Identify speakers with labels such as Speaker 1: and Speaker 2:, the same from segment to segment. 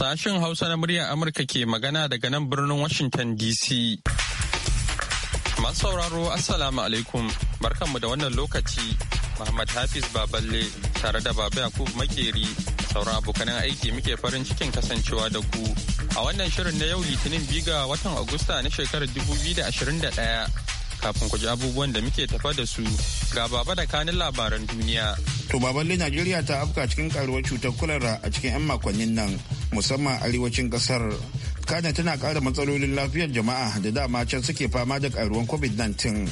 Speaker 1: Sashen Hausa na muryar Amurka ke magana daga nan birnin Washington DC. Masu sauraro Assalamu alaikum barkanmu da wannan lokaci Muhammad Hafiz Baballe tare da Baba Yakubu Makeri sauran abokanan aiki muke farin cikin kasancewa da ku a wannan shirin na yau Litinin biga watan Agusta na shekarar 2021 kafin ku ji abubuwan da muke tafa da su ga baba da kanin labaran duniya.
Speaker 2: To baballe Najeriya ta afka cikin karuwar cutar kulara a cikin 'yan makonnin nan musamman arewacin kasar. Kana tana kara matsalolin lafiyar jama'a da dama can suke fama da karuwar COVID-19.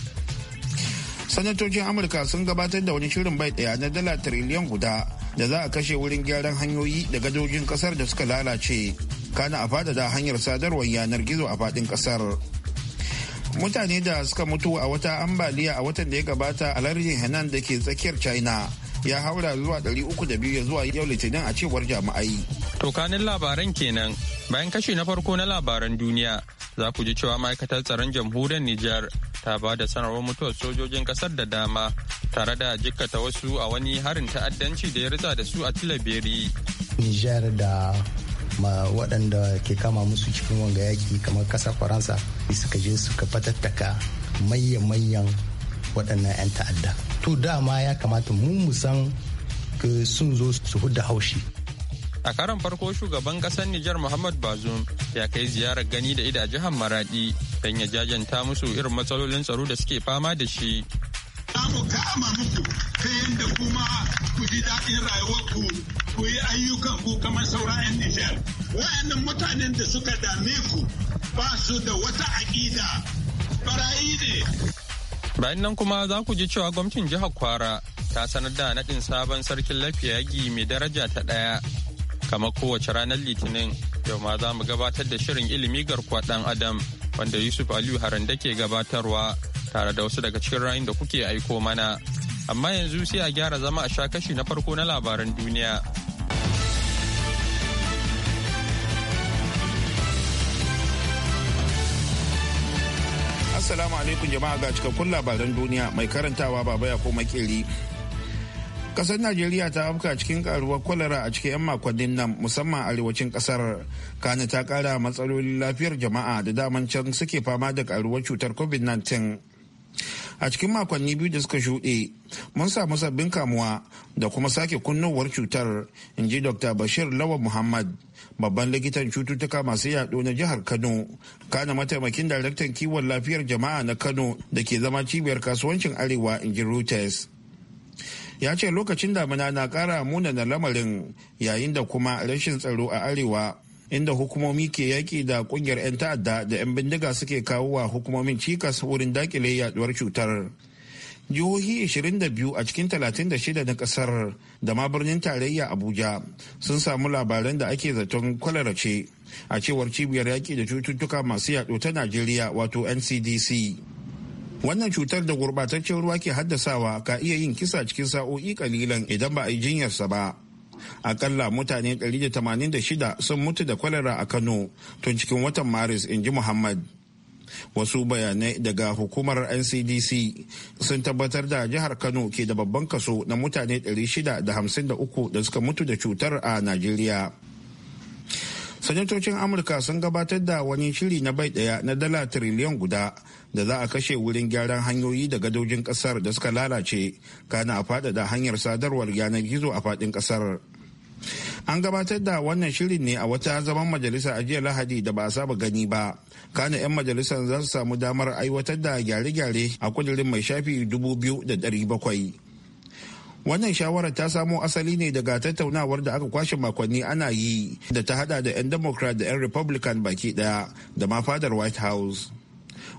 Speaker 2: Sanatocin Amurka sun gabatar da wani shirin bai daya na dala triliyan guda da za a kashe wurin gyaran hanyoyi da gadojin kasar da suka lalace. Kana a fadada hanyar sadarwar yanar gizo a fadin kasar. Mutane da suka mutu a wata ambaliya a watan da ya gabata a lardin Henan da ke tsakiyar China ya haura zuwa 302 zuwa yau litinin a cewar jami'ai.
Speaker 1: Tokanin labaran kenan bayan kashi na farko na labaran duniya za ku ji cewa ma'aikatar tsaron jamhuriyar Nijar ta ba da sanarwar mutuwar sojojin kasar da dama tare da jikkata wasu a wani harin ta'addanci da ya rusa da su a Tilaberi.
Speaker 3: Nijar da ma waɗanda ke kama musu cikin wanga yaki kamar ƙasar Faransa suka je suka fatattaka manyan-manyan waɗannan 'yan ta'adda to dama ya kamata mu mu san
Speaker 1: eh, sun zo su hudda haushi a karan farko shugaban kasar Nijar Muhammad Bazoum ya kai ziyarar gani da ida jihar Maradi don ya jajanta musu irin matsalolin tsaro da suke fama da shi. Za kama muku ta yadda
Speaker 4: kuma ku ji daɗin rayuwarku ku yi ayyukan ku kamar sauran Nijar. Wayannan mutanen da suka dame ku ba su da wata aƙida barayi ne.
Speaker 1: Bayan nan kuma za ku ji cewa gwamnatin jihar Kwara ta sanar da naɗin sabon sarkin lafiya lafiyagi mai daraja ta ɗaya. Kamar kowace ranar Litinin, yau ma za mu gabatar da shirin ilimi garkuwa ɗan Adam wanda Yusuf Aliyu da ke gabatarwa tare da wasu daga cikin rayun da kuke aiko mana. Amma yanzu sai a gyara zama a sha kashi na farko na labaran duniya. Assalamu alaikum jama'a
Speaker 2: ga cikakkun labaran duniya mai karantawa baba ya ko makeri. Kasar Najeriya ta afka cikin karuwar kwalara a cikin 'yan makonnin nan musamman arewacin kasar. Kano ta kara matsalolin lafiyar jama'a da daman can suke fama da karuwar cutar COVID-19. a cikin makonni biyu da suka shuɗe mun samu sabbin kamuwa da kuma sake kunnowar cutar in ji dr bashir lawa muhammad babban likitan cututtuka masu yaɗo na jihar kano kana mataimakin daraktan kiwon lafiyar jama'a na kano da ke zama cibiyar kasuwancin arewa in ji reuters ya ce lokacin damina na ƙara na lamarin yayin da kuma rashin tsaro a arewa inda hukumomi ke yaƙi da ƙungiyar 'yan ta'adda da 'yan bindiga suke kawo wa hukumomin cikas wurin dakile yaduwar cutar. jihohi 22 a cikin 36 na ƙasar da ma birnin tarayya abuja sun samu labaran da ake zaton kwalara ce a cewar cibiyar yaƙi da cututtuka masu yaɗo ta najeriya wato ncdc wannan cutar da gurɓataccen ruwa ke haddasawa ka iya yin kisa cikin sa'o'i kalilan idan ba a yi jinyarsa ba akalla mutane 186 sun mutu da kwalara a kano tun cikin watan maris in ji muhammad wasu bayanai daga hukumar ncdc sun tabbatar da jihar kano ke da babban kaso na mutane 653 da suka mutu da cutar a najeriya sanatocin amurka sun gabatar da wani shiri na bai daya na dala triliyan guda da za a kashe wurin gyaran hanyoyi da gadojin kasar da suka lalace kana a faɗaɗa hanyar sadarwar yanar gizo a fadin kasar an gabatar da wannan shirin ne a wata zaman majalisa a jiya lahadi da ba a saba gani ba kana 'yan majalisa za su samu damar aiwatar da gyare-gyare a kudirin mai shafi dubu biyu da bakwai. wannan shawarar ta samo asali ne daga tattaunawar da aka kwashe makonni ana yi da ta hada da 'yan democrat da 'yan republican baki daya da ma fadar white house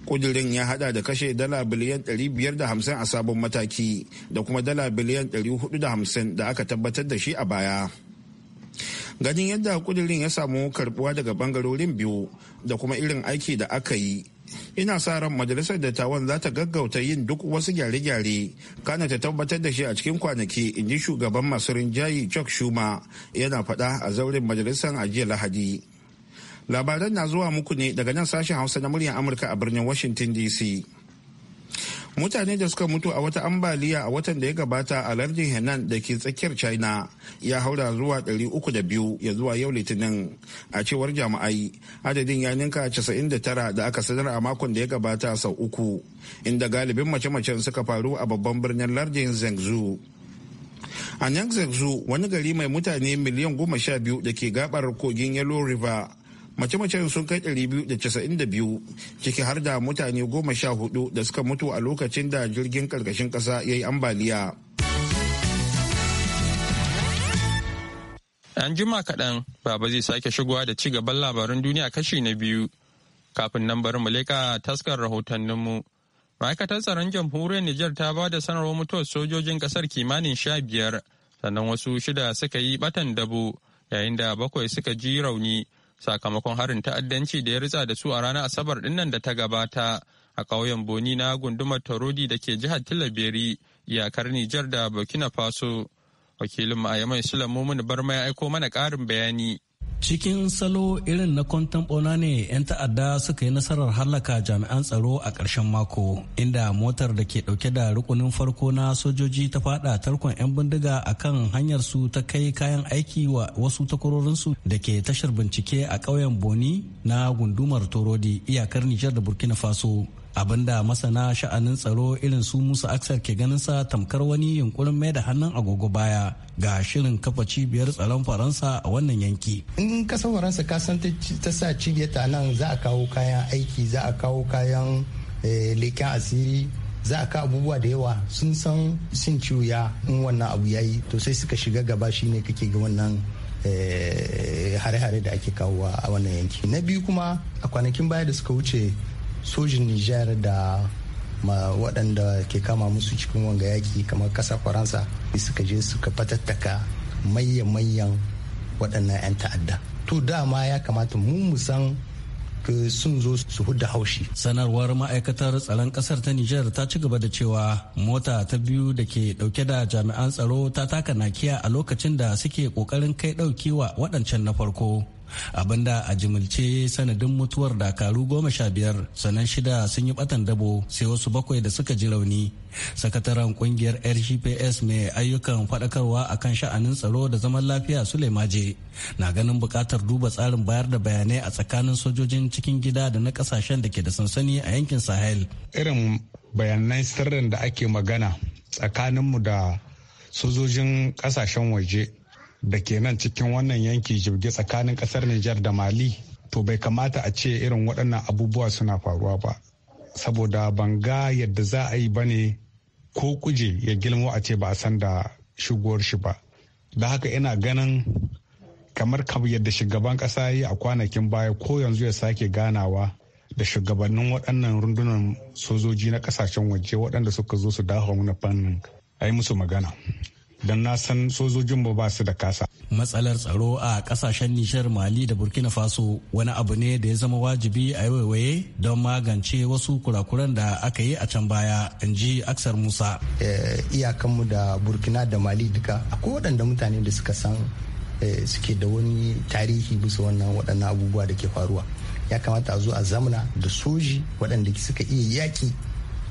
Speaker 2: kudirin ya hada da kashe dala biliyan 550 a sabon mataki da kuma dala biliyan 450 da aka tabbatar da shi a baya ganin yadda kudirin ya samu karbuwa daga bangarorin biyu da kuma irin aiki da aka yi ina sa ran majalisar dattawan za ta gaggauta yin duk wasu gyare-gyare kana ta tabbatar da shi a cikin kwanaki in ji shugaban masu rinjayi chuck shuma yana faɗa a zauren majalisar ajiyar lahadi labaran na zuwa muku ne daga nan sashen hausa na muryar amurka a birnin washington dc mutane da suka mutu a wata ambaliya a watan da ya gabata a lardin henan da ke tsakiyar china ya haura zuwa 302 ya zuwa yau litinin a cewar jami'ai adadin ya ninka 99 da aka sanar a makon da ya gabata sau uku inda galibin mace-macen suka faru a babban birnin lardin zhengzhou a Nyanzangzu wani gari mai mutane miliyan goma sha biyu da ke gabar kogin Yellow River mace-macen sun kai 292 ciki har da mutane goma sha hudu da suka mutu a lokacin da jirgin karkashin kasa ya yi ambaliya
Speaker 1: yan jima kaɗan baba zai sake shigowa da ci gaban labarin duniya kashi na biyu kafin nan bari mu leƙa taskar rahotanninmu ma'aikatar tsaron jamhuriyar nijar ta ba da sanarwar mutuwar sojojin ƙasar kimanin sha biyar sannan wasu shida suka yi batan dabo yayin da bakwai suka ji rauni sakamakon harin ta'addanci da ya ritsa da su a ranar asabar dinnan da ta gabata a ƙauyen boni na gundumar torodi da ke jihar tilaberi iyakar nijar da burkina faso wakilin ma'ayyamai sulan mumun barma ya aiko mana ƙarin bayani
Speaker 5: Cikin salo irin na kwantan-ɓo kwantamɓona ne 'yan ta'adda suka yi nasarar hallaka jami'an tsaro a ƙarshen mako, inda motar da ke ɗauke da rukunin farko na sojoji ta fada tarkon 'yan bindiga a kan hanyar su ta kai kayan aiki wa wasu takwarorinsu da ke tashar bincike a ƙauyen Boni na gundumar Torodi iyakar Nijar da Burkina Faso. abinda masana sha'anin tsaro irin su musa aksar ke ganin sa tamkar wani yunkurin mai da hannun agogo baya ga shirin kafa cibiyar tsaron faransa a wannan yanki
Speaker 3: in kasar faransa ka san ta sa cibiyar ta nan za a kawo kayan aiki za a kawo kayan eh, leken asiri za a ka abubuwa da yawa sun san sun ciwuya in wannan abu ya yi to sai suka shiga gaba shi ne kake ga wannan eh, hare-hare da ake kawo a wannan yanki na biyu kuma a kwanakin baya da suka wuce sojin nijar da waɗanda ke kama musu cikin wanga yaki kamar ƙasa faransa suka je suka fatattaka mayan manyan waɗannan 'yan ta'adda to dama ya kamata mu mu san sun zo su hudda haushi.
Speaker 5: Sanarwar ma'aikatar tsaron ƙasar ta Nijar ta ci gaba da cewa mota ta biyu da ke ɗauke da jami'an tsaro ta taka nakiya a lokacin da suke ƙoƙarin kai dauki wa waɗancan na farko. abinda a jimilce sanadin mutuwar dakaru goma sha biyar sannan shida sun yi batan dabo sai wasu bakwai da suka ji rauni sakataren kungiyar rgps mai ayyukan faɗakarwa akan sha'anin tsaro da zaman lafiya sulemaje na ganin bukatar duba tsarin bayar da bayanai a tsakanin sojojin cikin gida da na ƙasashen da ke da sansani a yankin sahel irin bayanai sirrin da ake magana tsakaninmu da sojojin kasashen waje da ke nan cikin wannan yanki jirgi tsakanin kasar Nijar da Mali to bai kamata a ce irin waɗannan abubuwa suna faruwa ba saboda ga yadda za a yi ba ne ko kuje ya gilmo a ce ba a san da shigowar shi ba da haka ina ganin kamar yadda shugaban ƙasa yi a kwanakin baya ko yanzu ya sake ganawa da shugabannin waɗannan rundunar sojoji na ƙasashen waje waɗanda suka zo su dawo wani fannin ai musu magana don na san sojojin mu ba su da kasa. Matsalar tsaro a kasashen Nishar Mali da Burkina Faso wani abu ne da ya zama wajibi a waiwaye don magance wasu kurakuran da aka yi a can baya
Speaker 3: in ji Aksar Musa. Eh, Iyakanmu da Burkina da Mali duka akwai waɗanda mutane da suka san eh, suke da wani tarihi bisa wannan waɗannan abubuwa da ke faruwa. Ya kamata a zo a zamana da soji waɗanda suka iya yaƙi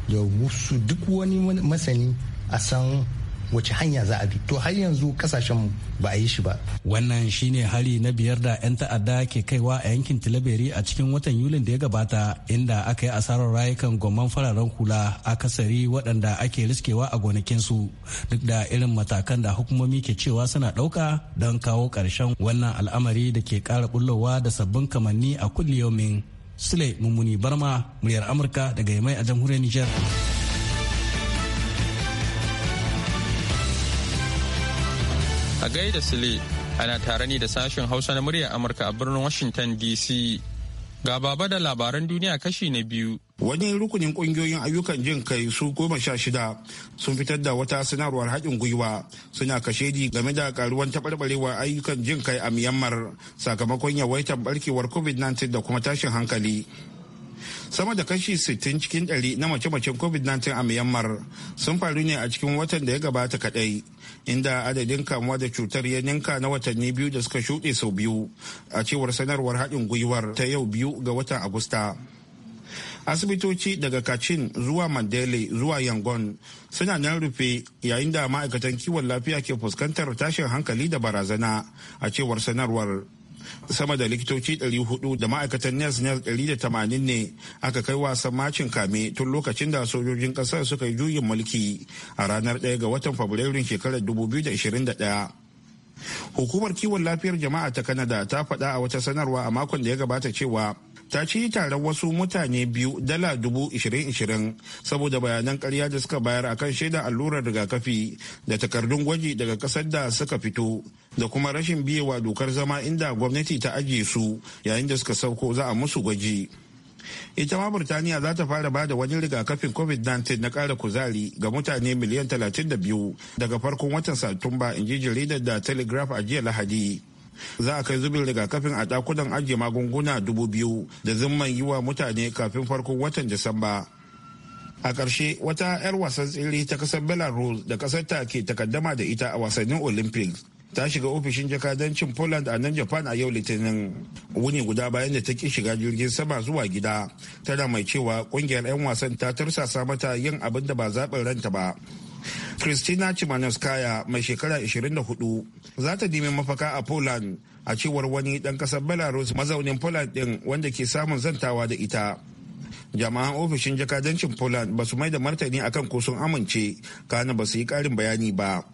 Speaker 3: da duk wani masani a san wace hanya za a bi to har yanzu kasashen ba a yi shi ba
Speaker 5: wannan shine hari na biyar da 'yan ta'adda ke kaiwa a yankin tilaberi a cikin watan yulin da ya gabata inda aka yi asarar rayukan gomman fararen hula akasari waɗanda ake riskewa a gonakinsu duk da irin matakan da hukumomi ke cewa suna ɗauka don kawo ƙarshen wannan al'amari da ke ƙara bullowa da sabbin kamanni a kulliyomin sule mummuni barma muryar amurka daga yamai a jamhuriyar nijar.
Speaker 1: A da Sule, ana tare ne da sashen Hausa na muryar Amurka a birnin Washington DC. Ga baba da labaran duniya kashi na biyu.
Speaker 2: Wani rukunin kungiyoyin ayyukan jin kai su goma sha shida sun fitar da wata sanarwar haɗin gwiwa suna kashedi game da karuwan taɓarɓarewar ayyukan jin kai a Myanmar sakamakon yawaitar barkewar COVID-19 da kuma tashin hankali. sama da kashi 60 cikin 100 na mace-macen covid-19 a myanmar sun faru ne a cikin watan da ya gabata kaɗai. inda adadin kamuwa da cutar ya ninka na watanni biyu da suka shuɗe sau biyu a cewar sanarwar haɗin gwiwar ta yau biyu ga watan agusta asibitoci daga kacin zuwa mandele zuwa yangon suna nan rufe yayin da ma'aikatan kiwon lafiya ke fuskantar tashin hankali da barazana a cewar sanarwar sama da likitoci 400 da ma'aikatan nes da 180 ne aka kai wasan macin kame tun lokacin da sojojin kasar suka yi juyin mulki a ranar 1 ga watan fabrairun shekarar 2021 hukumar kiwon lafiyar jama'a ta kanada ta faɗa a wata sanarwa a makon da ya gabata cewa ta ci taron wasu mutane biyu dala dubu ishirin ishirin saboda bayanan karya da suka bayar akan shaidar allurar rigakafi da takardun gwaji daga kasar da suka fito da kuma rashin biyewa dokar zama inda gwamnati ta ajiye su yayin da suka sauko za a musu gwaji ita ma burtaniya za ta fara bada wani rigakafin covid-19 na kara kuzari ga mutane miliyan 32 daga farkon watan satumba in ji jaridar da telegraph a jiya lahadi za a kai zubin rigakafin a dakunan ajiye magunguna dubu biyu da zimman yi wa mutane kafin farko watan disamba a ƙarshe wata 'yar wasan tsiri ta ƙasar belarus da ƙasar ta ke takaddama da ita a wasannin olympics ta shiga ofishin jakadancin poland a nan japan a yau litinin wuni guda bayan da ta ki shiga jirgin sama zuwa gida tana mai cewa kungiyar 'yan wasan ta tursasa mata yin abin da ba zaɓin ranta ba Christina Chimanowskaya mai shekara 24 za ta nemi mafaka a Poland a cewar wani ɗan ƙasar Belarus mazaunin Poland ɗin wanda ke samun zantawa da ita. Jama'an ofishin jakadancin Poland ba su mai da martani akan ko sun amince kana ba su yi ƙarin bayani ba.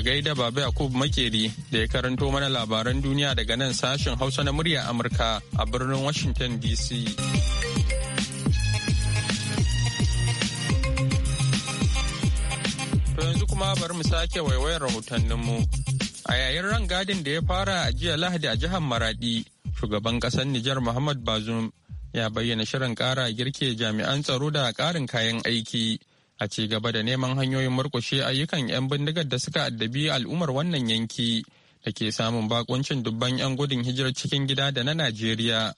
Speaker 1: A gaida Baba Yakub Makeri da ya karanto mana labaran duniya daga nan sashen Hausa na murya Amurka a birnin Washington DC. To yanzu kuma bari mu sake waiwayar rahotanninmu. A yayin rangadin da ya fara a jiya Lahadi a jihar Maradi, shugaban ƙasar Nijar Muhammad bazum ya bayyana shirin ƙara girke jami'an tsaro da ƙarin kayan aiki. a ci gaba da neman hanyoyin murkushe ayyukan 'yan bindigar da suka addabi al'ummar wannan yanki da ke samun bakuncin dubban 'yan gudun hijirar cikin gida da na najeriya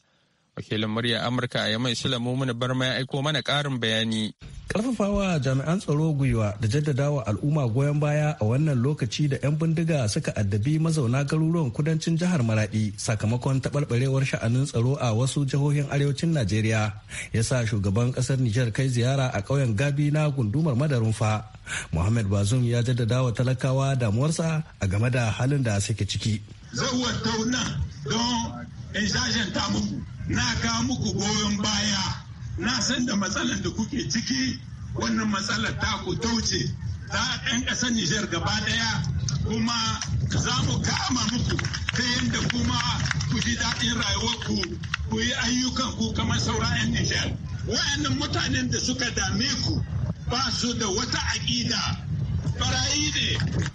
Speaker 1: wakilin murya amurka ya mai silamu mana barma ya aiko mana karin bayani
Speaker 5: karfafawa jami'an tsaro gwiwa da jaddadawa al'umma goyon baya a wannan lokaci da 'yan bindiga suka addabi mazauna garuruwan kudancin jihar Maraɗi sakamakon taɓarɓarewar sha'anin tsaro a wasu jihohin arewacin najeriya ya sa shugaban ƙasar nijar kai ziyara a ƙauyen gabi na gundumar madarunfa muhammad bazum ya jaddadawa talakawa damuwarsa a game da halin da suke ciki
Speaker 4: don in ta muku na ka muku goyon baya na san da matsalar da kuke ciki wannan matsalar ta ku tauce ta ɗan ƙasar Nijar gaba ɗaya. kuma za mu kama muku ta yadda kuma ku ji daɗin rayuwarku ku yi ayyukan ku kamar sauran 'yan Nijar. Wayannan mutanen da suka dame ku ba su da wata aƙida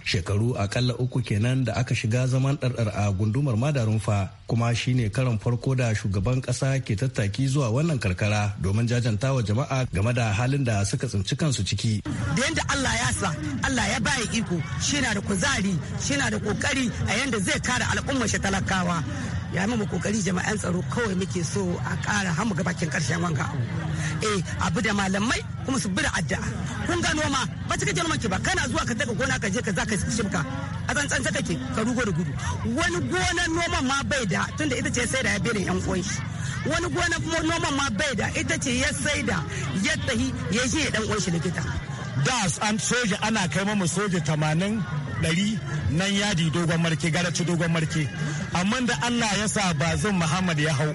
Speaker 5: Shekaru akalla uku kenan da aka shiga zaman ɗarɗar a gundumar Madarunfa kuma shine karan farko da shugaban ƙasa ke tattaki zuwa wannan karkara domin jajanta wa jama'a game da halin da suka tsinci kansu ciki.
Speaker 3: Da yadda Allah ya sa, Allah ya baya iko, shi na da kuzari, shi na da kokari a yadda zai kare al'ummar shi talakawa. ya mu kokari jama'an tsaro kawai muke so a ƙara hamu gabakin bakin karshen wanga abu eh abu da malamai kuma su bi da addu'a kun gano ma ba cika ki ba kana zuwa ka daga gona ka je ka zaka shimka a tsantsan ta kake ka rugo da gudu wani gonan noman ma bai da tunda ita ce sai da ya bere yan uwan wani gonan noman ma bai da ita ce ya sai da ya tahi ya je dan uwan shi likita da an soja ana kai mamu soja 80 ɗari nan
Speaker 5: yadi dogon marke ci dogon marke amma da allah ya sa bazin muhammad ya hau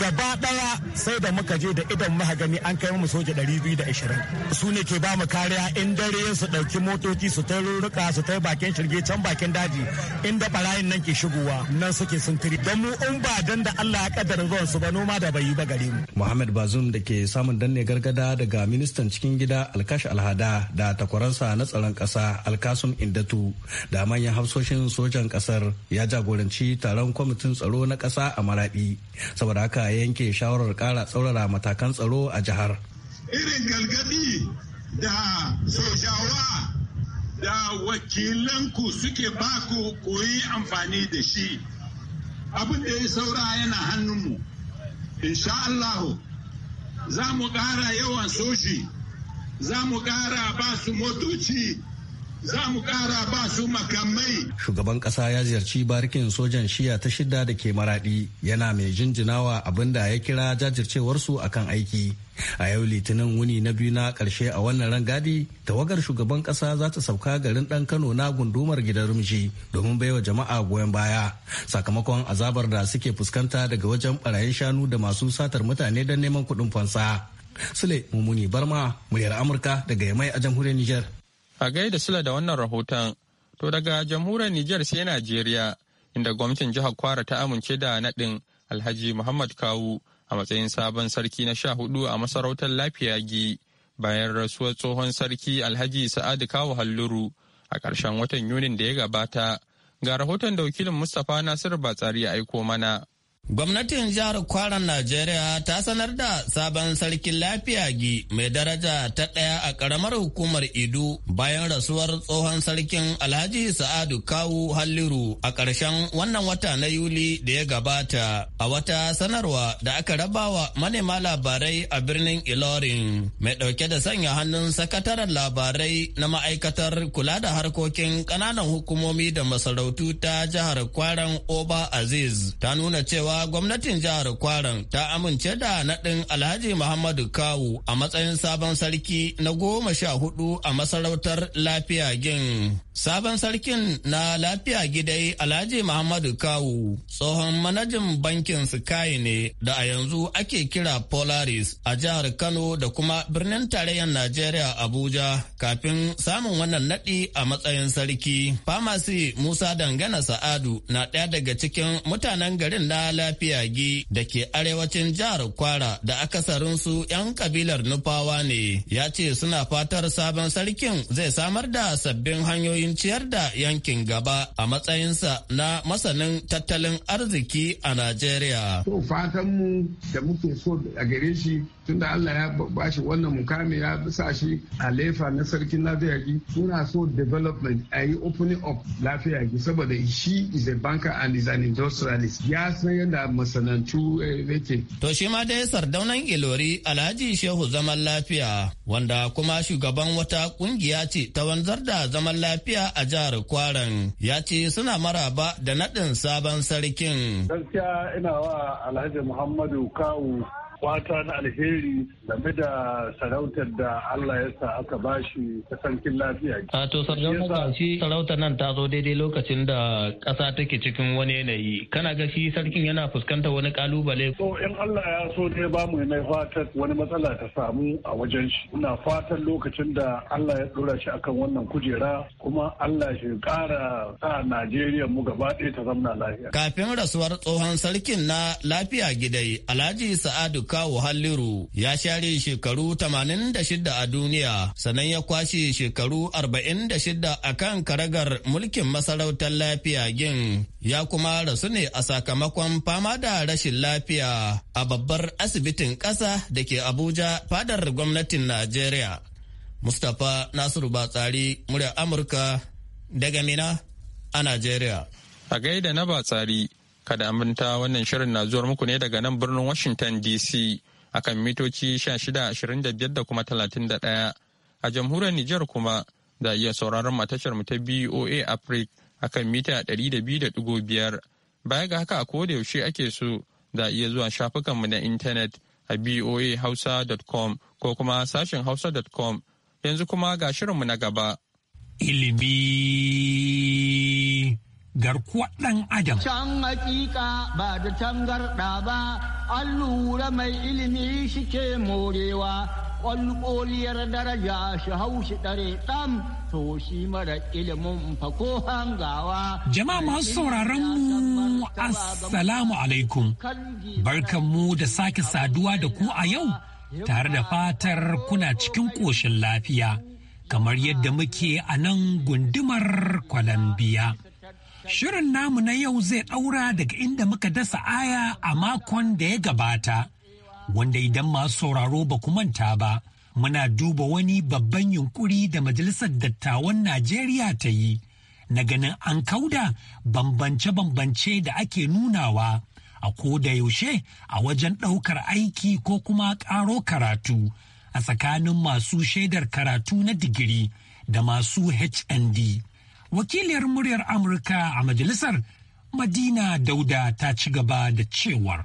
Speaker 3: gaba daya sai da muka je da idan muka gani an kai mu soja 220 su ne ke ba mu kariya in dare su dauki motoci su ta ruruka su ta bakin shirge can bakin daji inda barayin nan ke shigowa nan suke sun tiri dan mu in ba dan da Allah ya kaddara zuwan su ba noma da bai yi ba gare mu
Speaker 5: Muhammad Bazum da ke samun danne gargada daga ministan cikin gida Alkash Alhada da takwaransa na tsaron kasa Alkasum Indatu da manyan hafsoshin sojan kasar ya jagoranci taron kwamitin tsaro na kasa a Maradi saboda aka yanke shawarar kara tsaurara matakan tsaro a jihar.
Speaker 4: Irin galgadi da sojawa da wakilanku suke baku koyi amfani da shi. Abin da ya saura yana hannunmu. Insha Allahu za mu ƙara yawan soji, za mu ƙara ba su motoci. za mu kara ba su makamai.
Speaker 5: Shugaban kasa ya ziyarci barikin sojan shiya ta shidda da ke maradi yana mai jinjinawa abinda da ya kira jajircewarsu akan aiki. A yau litinin wuni na biyu na karshe a wannan rangadi, tawagar shugaban ƙasa za ta sauka garin ɗan Kano na gundumar gidan rumshi domin baiwa jama'a goyon baya. Sakamakon azabar da suke fuskanta daga wajen barayin shanu da masu satar mutane don neman kuɗin fansa. Sule Mumuni Barma, muryar Amurka daga Yamai a jamhuriyar Nijar.
Speaker 1: A gaida Sula da wannan rahoton, to daga jamhuriyar Nijar sai Najeriya, inda gwamnatin jihar Kwara ta amince da naɗin Alhaji Muhammad Kawu a matsayin sabon sarki na sha hudu a masarautar Lafiyagi bayan rasuwar tsohon sarki Alhaji Sa'adu Kawu Halluru a ƙarshen watan Yunin da ya gabata. Ga rahoton da wakilin Mustapha Nasiru Batsari ya aiko mana. Gwamnatin jihar
Speaker 6: Kwaran Najeriya ta sanar da sabon sarkin lafiya gi mai daraja ta ɗaya a ƙaramar hukumar Idu bayan rasuwar tsohon sarkin Alhaji Sa'adu Kawu Halliru a ƙarshen wannan wata na Yuli da ya gabata. A wata sanarwa da aka rabawa manema labarai a birnin Ilorin mai ɗauke da sanya hannun sakataren labarai na ma'aikatar kula da harkokin ƙananan hukumomi da masarautu ta jihar Kwaran Oba Aziz ta nuna cewa cewa gwamnatin jihar Kwaran ta amince da naɗin Alhaji Muhammadu Kawu a matsayin sabon sarki na goma sha hudu a masarautar Lafiya Gin. Sabon sarkin na Lafiya Gidai Alhaji Muhammadu Kawu tsohon manajin bankin Sky ne da a yanzu ake kira Polaris a jihar Kano da kuma birnin tarayyar Najeriya Abuja kafin samun wannan naɗi a matsayin sarki. Famasi Musa Dangana Sa'adu na ɗaya daga cikin mutanen garin na lafiyagi da ke arewacin jihar Kwara da akasarinsu 'yan kabilar Nufawa ne ya ce suna fatar sabon sarkin zai samar da sabbin hanyoyin ciyar da yankin gaba a matsayinsa na masanin tattalin arziki a Najeriya. To fatanmu
Speaker 5: da muke so a gare shi tunda Allah ya bashi wannan mukami ya sa shi a lefa na sarkin lafiyagi suna so development a yi opening up lafiyagi saboda shi is a banker and is an industrialist ya sayan da masanantu eh,
Speaker 6: yake. To shi ma dai sardaunan Ilori Alhaji Shehu zaman lafiya wanda kuma shugaban wata kungiya ce ta wanzar da zaman lafiya a jihar Kwaran ya ce suna maraba da naɗin sabon sarkin.
Speaker 5: Gaskiya ina wa Alhaji
Speaker 4: Muhammadu Kawu fata na alheri game da sarautar da Allah ya sa aka bashi ta sarkin lafiya.
Speaker 6: A to sarkin shi sarautar nan ta zo daidai lokacin da ƙasa take cikin wani yanayi. Kana ga shi sarkin yana fuskanta wani kalubale. To
Speaker 5: in Allah ya so ne ba mu mai fatar wani matsala ta samu a wajen shi. Ina fatan lokacin da Allah ya dora shi akan wannan kujera kuma Allah shi ƙara sa
Speaker 6: Najeriya mu gaba ɗaya ta zamna lafiya. Kafin rasuwar tsohon sarkin na lafiya gidai Alhaji Sa'adu kawo halliru ya share shekaru 86 a duniya sannan ya kwashe shekaru 46 a kan karagar mulkin masarautar lafiya gin ya kuma rasu ne a sakamakon fama da rashin lafiya a babbar asibitin ƙasa da ke abuja fadar gwamnatin najeriya mustapha nasiru batsari murya amurka daga mina a najeriya
Speaker 1: a gaida na batsari Kada aminta wannan shirin na zuwar muku ne daga nan birnin Washington DC akan mitoci 1625 da kuma 31. A jamhuriyar Nijar kuma za a iya sauraron matashar mu ta BOA Africa akan mita 200.5. Baya ga haka a koda yaushe ake so za a iya zuwa shafukanmu na intanet a boahausa.com ko kuma sashen hausa.com yanzu kuma ga shirinmu na gaba. Ilimi garkuwar ɗan adam.
Speaker 3: Can hakika ba da tangarɗa ba, an lura mai ilimi shi ke morewa, ƙwalƙoliyar daraja shi hau ɗare ɗan to shi mara ilimin fa hangawa.
Speaker 7: Jama'a masu sauraron mu assalamu alaikum. Barkan mu da sake saduwa da ku a yau, tare da fatar kuna cikin ƙoshin lafiya, kamar yadda muke a nan gundumar kwalambiya. Shirin namu na yau zai ɗaura daga inda muka dasa aya a makon da ya gabata, wanda idan masu sauraro ba ku manta ba, muna duba wani babban yunkuri da Majalisar Dattawan Najeriya ta yi, na ganin an kauda bambance-bambance da ake nunawa a ko da yaushe a wajen ɗaukar aiki ko kuma ƙaro karatu a tsakanin masu shaidar karatu na digiri da masu HND. wakiliyar muryar amurka a majalisar madina dauda ta ci gaba da cewar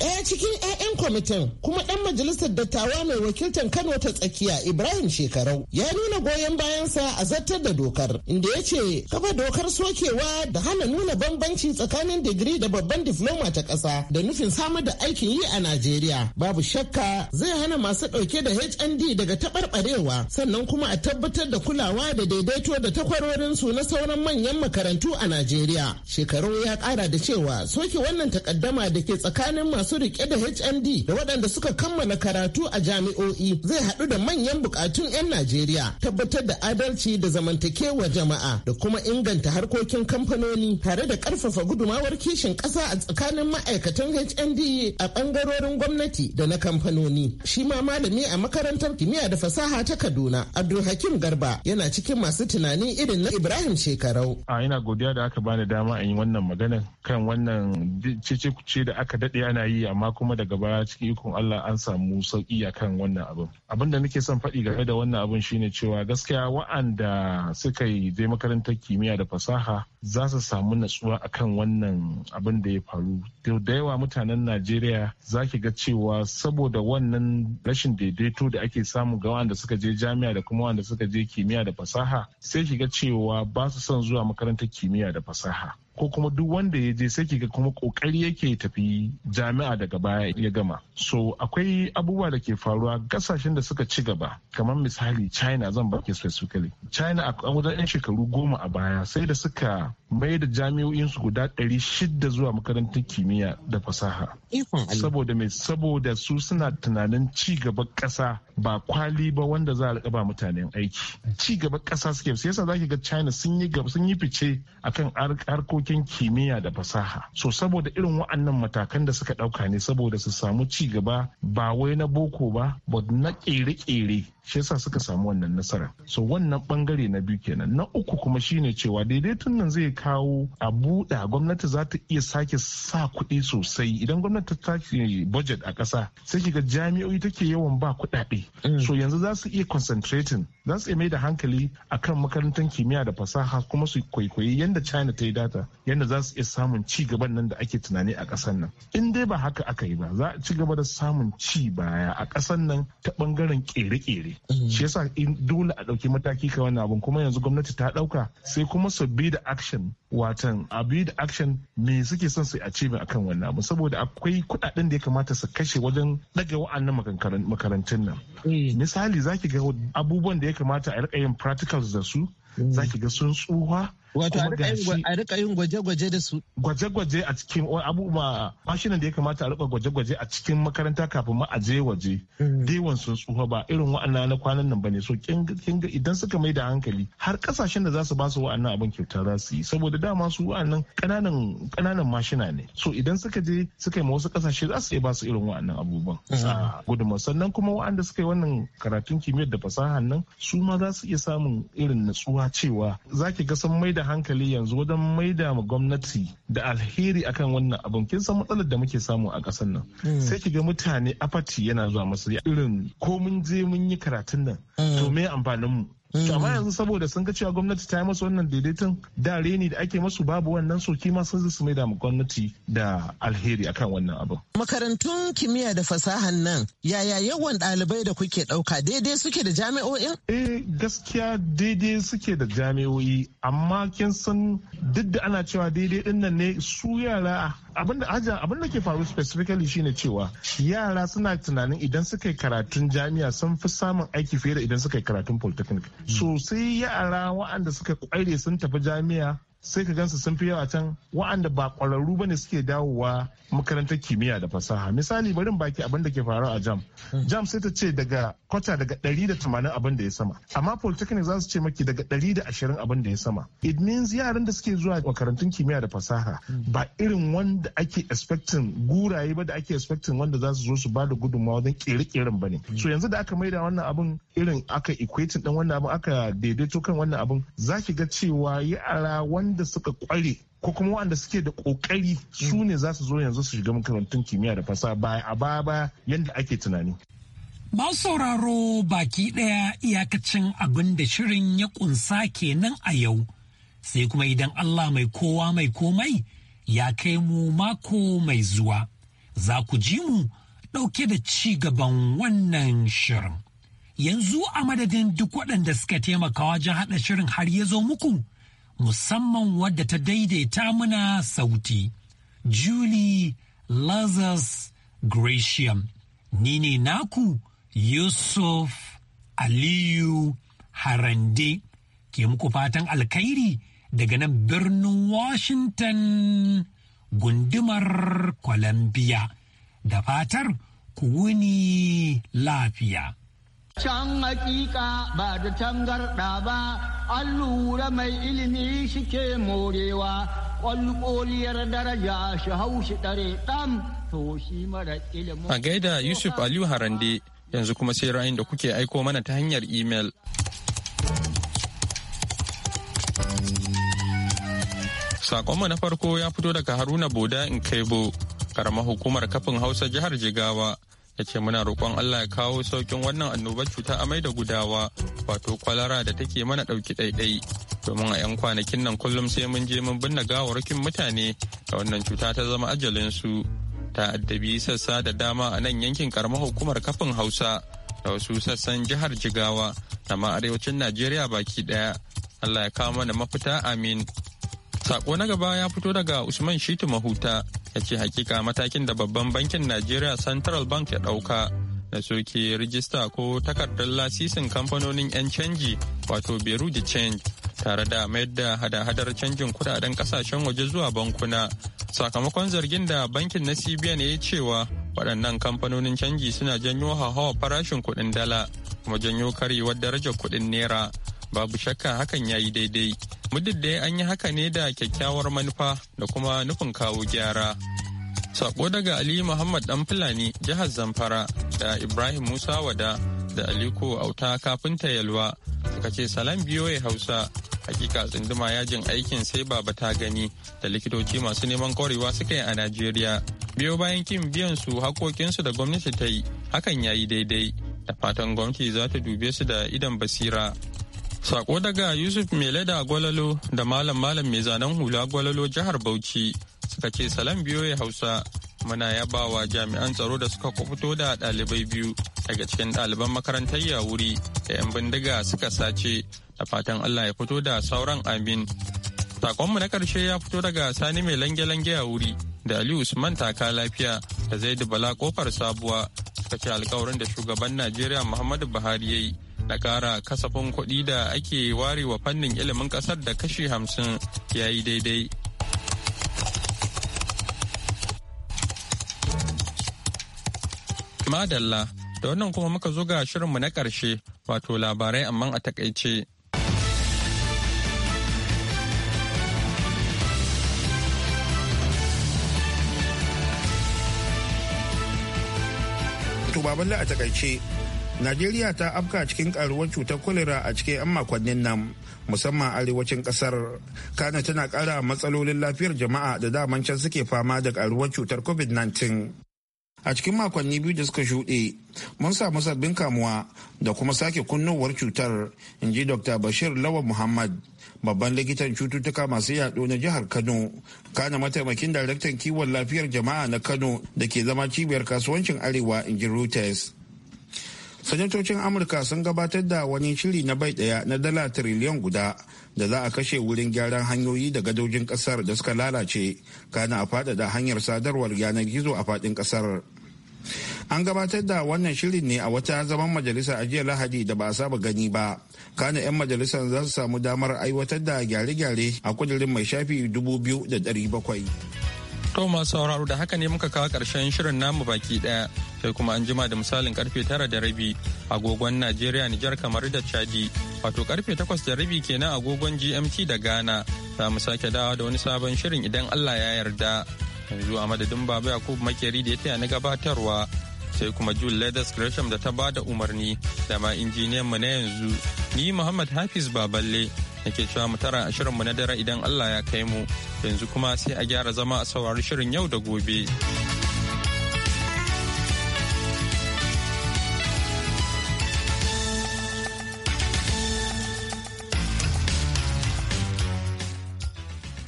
Speaker 8: ɗaya cikin 'ya'yan kwamitin kuma ɗan majalisar dattawa mai wakiltar kano ta tsakiya ibrahim shekarau ya nuna goyon bayansa a zartar da dokar inda ya ce kafa dokar sokewa da hana nuna bambanci tsakanin digiri da babban difloma ta ƙasa da nufin samar da aikin yi a najeriya babu shakka zai hana masu ɗauke da hnd daga taɓarɓarewa sannan kuma a tabbatar da kulawa da daidaito da takwarorinsu na sauran manyan makarantu a najeriya shekarau ya ƙara da cewa soke wannan takaddama da ke tsakanin masu masu rike da HND da waɗanda suka kammala karatu a jami'o'i zai haɗu da manyan bukatun 'yan Najeriya tabbatar da adalci da zamantakewa jama'a da kuma inganta harkokin kamfanoni tare da ƙarfafa gudumawar kishin ƙasa a tsakanin ma'aikatan HND a ɓangarorin gwamnati da na kamfanoni. Shi ma malami a makarantar kimiyya da fasaha ta Kaduna Abdulhakim Garba yana cikin masu tunani irin na Ibrahim Shekarau.
Speaker 9: A ina godiya da aka bani dama a yi wannan magana kan wannan cece da aka daɗe ana yi yi amma kuma daga baya cikin ikon Allah an samu sauki akan wannan abin abin da nake son faɗi game da wannan abin shine cewa gaskiya wa'anda suka yi je makarantar kimiyya da fasaha za su samu natsuwa akan wannan abin da ya faru da yawa mutanen najeriya za ki ga cewa saboda wannan rashin daidaito da ake samu ga wanda suka je jami'a da kuma wanda suka je kimiyya da fasaha sai ki ga cewa ba su son zuwa makarantar kimiyya da fasaha ko kuma duk wanda ya je sai ki ga kuma kokari yake tafi jami'a daga baya ya gama so akwai abubuwa da ke faruwa kasashen da da suka ci gaba kamar misali china zan baki specifically china a wajen 'yan shekaru goma a baya sai da suka mai da jami'o'insu guda ɗari shidda zuwa makarantar kimiyya da fasaha saboda mai saboda su suna tunanin ci gaban ƙasa ba kwali ba wanda za a ba mutanen aiki ci gaban ƙasa suke sai yasa zaki ga china sun yi sun yi fice akan harkokin kimiyya da fasaha so saboda irin wa'annan matakan da suka ɗauka ne saboda su samu ci gaba ba wai na boko ba but na kere-kere shi yasa suka samu wannan nasara so wannan bangare na biyu kenan na uku kuma shine cewa tun nan zai kawo a buɗa gwamnati za ta iya sake sa kuɗi sosai idan gwamnati ta budget a ƙasa sai kiga jami'o'i take yawan ba kuɗaɗe mm. so yanzu za su iya concentrating za su iya mai da hankali a kan makarantar kimiyya da fasaha kuma su kwaikwayi yadda china ta yi data yadda za su iya samun ci gaban nan da ake tunani a ƙasar nan in dai ba haka aka yi ba za a ci gaba da samun ci baya a ƙasar nan ta bangare bangaren kere-kere mm. shi yasa in dole a ɗauki mataki kai wannan abun kuma yanzu gwamnati ta ɗauka sai kuma su bi da action watan a bi da action me suke son su a kan wannan abu saboda akwai kuɗaɗen da ya kamata su kashe wajen ɗaga wa'annan makarantun nan mm. misali zaki ga abubuwan da ya kamata a rika yin practicals da su mm. zaki ga sun tsuha Wato a rika yin gwaje-gwaje da su. Gwaje-gwaje a cikin abubuwa mashinan da ya kamata a rika gwaje-gwaje a cikin makaranta kafin ma a je waje. Hmm. Dewan sun tsufa ba irin wa'annan na kwanan nan bane so kinga idan suka mai da hankali har kasashen da za su ba su wa'annan abin kyauta za su yi saboda dama su wa'annan kananan kananan mashina ne. So idan suka je suka yi ma wasu kasashe za su iya ba su irin wa'annan abubuwan. Ah, Gudunmu sannan kuma wa'anda suka yi wannan karatun kimiyyar da fasahan nan su ma za su iya samun irin natsuwa cewa za ki ga sun mai da da hankali yanzu wajen maida ma gwamnati da alheri akan wannan abun kin san matsalar da muke samu a ƙasar nan hmm. sai ki ga mutane afati yana zuwa masu irin ko mun je mun yi karatun nan to hmm. me amfanin mu Mm. to amma yanzu saboda sun ga cewa gwamnati ta yi masu wannan daidaiton da reni da ake masu babu wannan so kima sun su mai da gwamnati da alheri akan wannan abin.
Speaker 8: makarantun kimiyya da fasahan nan yaya yawan ɗalibai da kuke ɗauka daidai suke da
Speaker 9: jami'o'in? eh gaskiya daidai suke da jami'o'i amma kin san duk da ana cewa daidai ɗin ne su yara abin da ke faru specifically shine cewa yara suna tunanin idan suka yi karatun jami'a sun fi samun aiki fiye da idan suka yi karatun polytechnic sosai yara waɗanda suka kware sun tafi jami'a sai ka gansu sun fi yawa can wa'anda ba ƙwararru bane suke dawowa makarantar kimiyya da fasaha misali barin baki abin da ke faru a jam jam sai ta ce daga kwata daga 180 abin da ya sama amma polytechnic za su ce maki daga 120 abin da ya sama it means yaran da suke zuwa makarantun kimiyya da fasaha ba irin wanda ake expecting guraye ba da ake expecting wanda za su zo su ba da gudunmawa wajen kere-keren ne so yanzu da aka maida wannan abin irin aka equating din wannan abin aka daidaito kan wannan abin za ki ga cewa yara wannan waɗanda suka kware ko kuma waɗanda suke da kokari su ne za su zo yanzu su shiga makarantun kimiyya da fasaha ba a baya baya yadda ake tunani
Speaker 7: Masu sauraro baki ɗaya iyakacin abin da shirin ya ƙunsa kenan a yau, sai kuma idan Allah mai kowa mai komai ya kai mu mako mai zuwa, za ku ji mu ɗauke da ci gaban wannan shirin. Yanzu a madadin duk waɗanda suka taimaka wajen haɗa shirin har ya zo muku, musamman wadda ta daidaita muna sauti. Julie Lazarus Gratiam, ni ne naku Yusuf Aliyu Harande, ke muku fatan alkhairi daga nan birnin Washington gundumar Columbia, da fatar ku wuni lafiya. Can hakika
Speaker 3: ba da tangarɗa ba an lura mai ilimi shi ke morewa ƙwalƙoliyar daraja shi haushi ɗare ɗan to shi mara ilimin. A
Speaker 1: gaida Yusuf Aliyu Harande yanzu kuma sai ra'ayin da kuke aiko mana ta hanyar imel. Sakonmu na farko ya fito daga Haruna Boda in Nkebo, karamar hukumar kafin Hausa jihar Jigawa. ya ce muna roƙon Allah ya kawo saukin wannan annobar cuta amai da gudawa wato kwalara da take mana ɗauki ɗaiɗai domin a 'yan kwanakin nan kullum sai mun je mun binne gawarkin mutane da wannan cuta ta zama ajalinsu ta addabi sassa da dama a nan yankin karamar hukumar kafin hausa da wasu sassan jihar jigawa da ma arewacin najeriya baki ɗaya Allah ya kawo mana mafita amin. Sako na gaba ya fito daga Usman Shitu Mahuta ya ce hakika matakin da babban bankin najeriya central bank ya ɗauka da soke rijista ko takardar lasisin kamfanonin 'yan canji wato beru de change tare da mayar da hada-hadar canjin kudaden kasashen waje zuwa bankuna sakamakon zargin da bankin na cbn ya cewa waɗannan kamfanonin canji suna janyo hauhawar farashin kuɗin dala kuma janyo karyewar darajar kuɗin naira babu shakka hakan ya yi daidai muddin dai an yi haka ne da kyakkyawar manufa da kuma nufin kawo gyara sako daga ali muhammad dan fulani jihar zamfara da ibrahim musa wada da aliko auta kafinta yalwa suka ce salam ya hausa hakika tsunduma yajin aikin sai baba ta gani da likitoci masu neman kwarewa suka yi a najeriya biyo bayan kin biyan su hakokinsu da gwamnati ta yi hakan ya yi daidai da fatan gwamnati za ta dube su da idan basira Sako daga Yusuf Meleda Gwalalo da Malam Malam mai zanen hula Gwalalo jihar Bauchi suka ce salam biyoyi Hausa muna yabawa jami'an tsaro da suka kufuto da ɗalibai biyu daga cikin ɗaliban makarantar wuri da 'yan bindiga suka sace da fatan Allah ya fito da sauran amin. Sakonmu na ƙarshe ya fito daga Sani mai lange-lange a wuri da Ali Usman taka lafiya da Zaidu Bala kofar sabuwa suka ce alkawarin da shugaban Najeriya Muhammadu Buhari ya yi da kara kasafin kuɗi da ake ware wa fannin ilimin ƙasar da kashi hamsin ya yi daidai. Madalla, da wannan kuma muka zo ga shirinmu na ƙarshe wato labarai amma a takaice.
Speaker 2: To a takaice najeriya ta afka cikin karuwar cutar kwalera a cikin 'yan makonnin nan musamman arewacin kasar kana tana kara matsalolin lafiyar jama'a da daman can suke fama da karuwar cutar covid-19 a cikin makonni biyu da suka shuɗe mun samu sabbin kamuwa da kuma sake kunnowar cutar in ji dr bashir lawan muhammad babban likitan cututtuka masu yaɗo na jihar kano kana mataimakin daraktan kiwon lafiyar jama'a na kano da ke zama cibiyar kasuwancin arewa in ji reuters sanatocin amurka sun gabatar da wani shiri na bai daya na dala tiriliyan guda da za a kashe wurin gyaran hanyoyi da gadojin kasar da suka lalace kana a faɗaɗa hanyar sadarwar yanar gizo a fadin kasar an gabatar da wannan shirin ne a wata zaman majalisa a jiya lahadi da ba a saba gani ba kana 'yan majalisar za su samu damar aiwatar da gyare-gyare a kudirin mai shafi
Speaker 1: dubu biyu da 2,700 To masu sauraro da haka ne muka kawo ƙarshen shirin namu baki ɗaya sai kuma an jima da misalin karfe tara da rabi agogon Najeriya Nijar kamar da Chadi wato karfe takwas da rabi kenan agogon GMT da Ghana za mu sake dawa da wani sabon shirin idan Allah ya yarda yanzu a madadin Baba Yakubu Makeri da ya taya na gabatarwa sai kuma Jul Leathers Gresham da ta bada umarni da ma injiniyan mu na yanzu ni Muhammad Hafiz Baballe nake cewa mu tara a shirinmu na dare idan Allah ya kai mu yanzu kuma sai a gyara zama a saurari shirin yau da gobe.